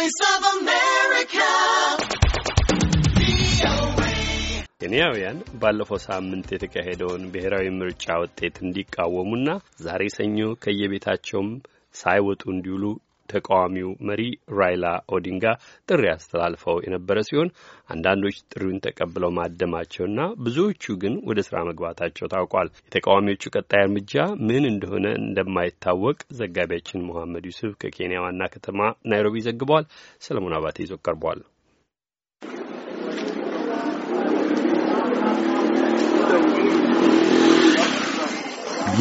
Voice of America. ኬንያውያን ባለፈው ሳምንት የተካሄደውን ብሔራዊ ምርጫ ውጤት እንዲቃወሙና ዛሬ ሰኞ ከየቤታቸውም ሳይወጡ እንዲውሉ ተቃዋሚው መሪ ራይላ ኦዲንጋ ጥሪ አስተላልፈው የነበረ ሲሆን አንዳንዶች ጥሪውን ተቀብለው ማደማቸውና ብዙዎቹ ግን ወደ ስራ መግባታቸው ታውቋል። የተቃዋሚዎቹ ቀጣይ እርምጃ ምን እንደሆነ እንደማይታወቅ ዘጋቢያችን መሐመድ ዩሱፍ ከኬንያ ዋና ከተማ ናይሮቢ ዘግቧል። ሰለሞን አባቴ ይዞ ቀርቧል።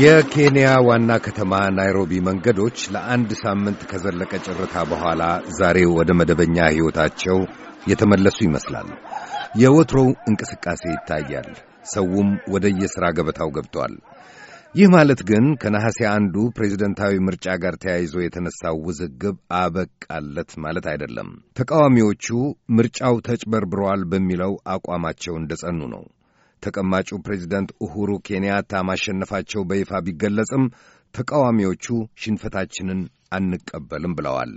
የኬንያ ዋና ከተማ ናይሮቢ መንገዶች ለአንድ ሳምንት ከዘለቀ ጭርታ በኋላ ዛሬ ወደ መደበኛ ሕይወታቸው የተመለሱ ይመስላል። የወትሮው እንቅስቃሴ ይታያል። ሰውም ወደ የሥራ ገበታው ገብቷል። ይህ ማለት ግን ከነሐሴ አንዱ ፕሬዚደንታዊ ምርጫ ጋር ተያይዞ የተነሳው ውዝግብ አበቃለት ማለት አይደለም። ተቃዋሚዎቹ ምርጫው ተጭበርብሯል በሚለው አቋማቸው እንደ ጸኑ ነው። ተቀማጩ ፕሬዚደንት ኡሁሩ ኬንያታ ማሸነፋቸው በይፋ ቢገለጽም ተቃዋሚዎቹ ሽንፈታችንን አንቀበልም ብለዋል።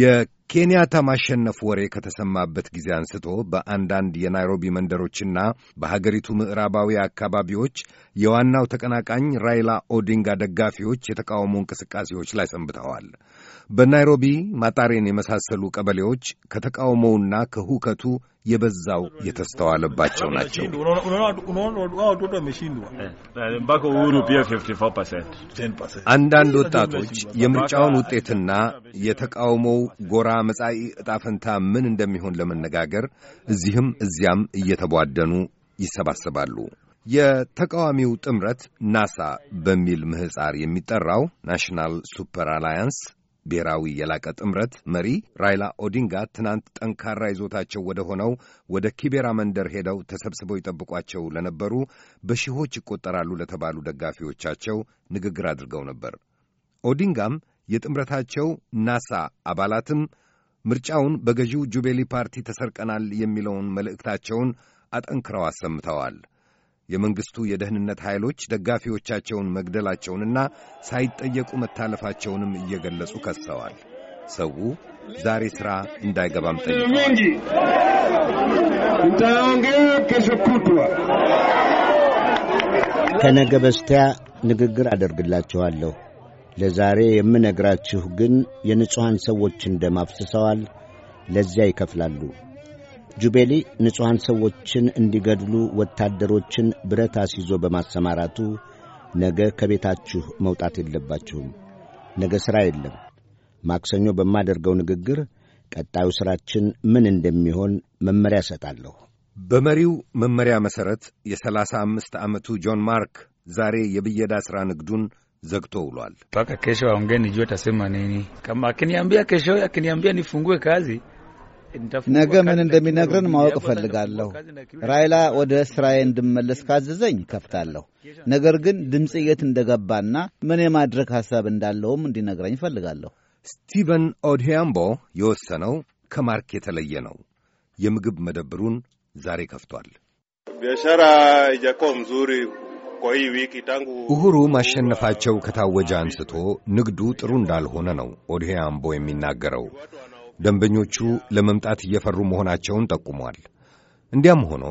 የኬንያታ ማሸነፍ ወሬ ከተሰማበት ጊዜ አንስቶ በአንዳንድ የናይሮቢ መንደሮችና በሀገሪቱ ምዕራባዊ አካባቢዎች የዋናው ተቀናቃኝ ራይላ ኦዲንጋ ደጋፊዎች የተቃውሞ እንቅስቃሴዎች ላይ ሰንብተዋል። በናይሮቢ ማጣሬን የመሳሰሉ ቀበሌዎች ከተቃውሞውና ከሁከቱ የበዛው የተስተዋለባቸው ናቸው። አንዳንድ ወጣቶች የምርጫውን ውጤትና የተቃውሞው ጎራ መጻኢ ዕጣ ፈንታ ምን እንደሚሆን ለመነጋገር እዚህም እዚያም እየተቧደኑ ይሰባሰባሉ። የተቃዋሚው ጥምረት ናሳ በሚል ምህፃር የሚጠራው ናሽናል ሱፐር አላያንስ ብሔራዊ የላቀ ጥምረት መሪ ራይላ ኦዲንጋ ትናንት ጠንካራ ይዞታቸው ወደ ሆነው ወደ ኪቤራ መንደር ሄደው ተሰብስበው ይጠብቋቸው ለነበሩ በሺዎች ይቆጠራሉ ለተባሉ ደጋፊዎቻቸው ንግግር አድርገው ነበር። ኦዲንጋም የጥምረታቸው ናሳ አባላትም ምርጫውን በገዢው ጁቤሊ ፓርቲ ተሰርቀናል የሚለውን መልእክታቸውን አጠንክረው አሰምተዋል። የመንግሥቱ የደህንነት ኃይሎች ደጋፊዎቻቸውን መግደላቸውንና ሳይጠየቁ መታለፋቸውንም እየገለጹ ከሰዋል። ሰው ዛሬ ሥራ እንዳይገባም ጠይቀዋል። ከነገ በስቲያ ንግግር አደርግላችኋለሁ። ለዛሬ የምነግራችሁ ግን የንጹሐን ሰዎችን ደም አፍስሰዋል፣ ለዚያ ይከፍላሉ። ጁቤሊ ንጹሐን ሰዎችን እንዲገድሉ ወታደሮችን ብረት አስይዞ በማሰማራቱ ነገ ከቤታችሁ መውጣት የለባችሁም። ነገ ሥራ የለም። ማክሰኞ በማደርገው ንግግር ቀጣዩ ሥራችን ምን እንደሚሆን መመሪያ እሰጣለሁ። በመሪው መመሪያ መሠረት የሰላሳ አምስት ዓመቱ ጆን ማርክ ዛሬ የብየዳ ሥራ ንግዱን ዘግቶ ውሏል። mpaka kesho waongee nijue tasema nini kama akiniambia kesho akiniambia nifungue kazi ነገ ምን እንደሚነግረን ማወቅ እፈልጋለሁ። ራይላ ወደ ሥራዬ እንድመለስ ካዘዘኝ ከፍታለሁ። ነገር ግን ድምፅ የት እንደገባና ምን የማድረግ ሐሳብ እንዳለውም እንዲነግረኝ እፈልጋለሁ። ስቲቨን ኦድያምቦ የወሰነው ከማርክ የተለየ ነው። የምግብ መደብሩን ዛሬ ከፍቷል። ቢያሻራ ኢጃኮ ምዙሪ uhuru ማሸነፋቸው ከታወጀ አንስቶ ንግዱ ጥሩ እንዳልሆነ ነው ኦድሄ አምቦ የሚናገረው። ደንበኞቹ ለመምጣት እየፈሩ መሆናቸውን ጠቁሟል። እንዲያም ሆኖ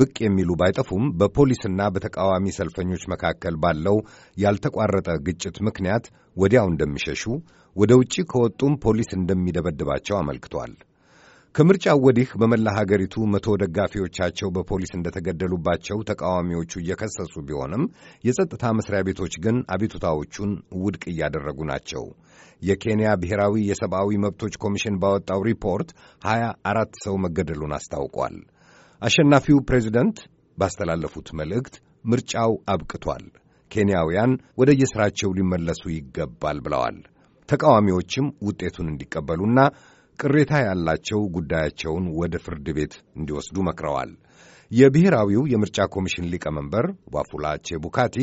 ብቅ የሚሉ ባይጠፉም በፖሊስና በተቃዋሚ ሰልፈኞች መካከል ባለው ያልተቋረጠ ግጭት ምክንያት ወዲያው እንደሚሸሹ፣ ወደ ውጭ ከወጡም ፖሊስ እንደሚደበድባቸው አመልክቷል። ከምርጫው ወዲህ በመላ ሀገሪቱ መቶ ደጋፊዎቻቸው በፖሊስ እንደተገደሉባቸው ተቃዋሚዎቹ እየከሰሱ ቢሆንም የጸጥታ መስሪያ ቤቶች ግን አቤቱታዎቹን ውድቅ እያደረጉ ናቸው። የኬንያ ብሔራዊ የሰብአዊ መብቶች ኮሚሽን ባወጣው ሪፖርት ሀያ አራት ሰው መገደሉን አስታውቋል። አሸናፊው ፕሬዚደንት ባስተላለፉት መልእክት ምርጫው አብቅቷል፣ ኬንያውያን ወደ የሥራቸው ሊመለሱ ይገባል ብለዋል። ተቃዋሚዎችም ውጤቱን እንዲቀበሉና ቅሬታ ያላቸው ጉዳያቸውን ወደ ፍርድ ቤት እንዲወስዱ መክረዋል። የብሔራዊው የምርጫ ኮሚሽን ሊቀመንበር ዋፉላ ቼቡካቲ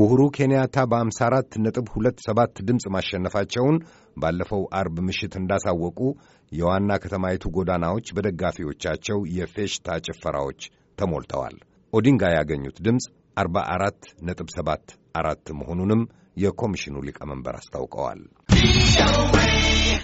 ኡሁሩ ኬንያታ በ54 ነጥብ 27 ድምፅ ማሸነፋቸውን ባለፈው አርብ ምሽት እንዳሳወቁ የዋና ከተማይቱ ጎዳናዎች በደጋፊዎቻቸው የፌሽታ ጭፈራዎች ተሞልተዋል። ኦዲንጋ ያገኙት ድምፅ 44 ነጥብ 7 አራት መሆኑንም የኮሚሽኑ ሊቀመንበር አስታውቀዋል።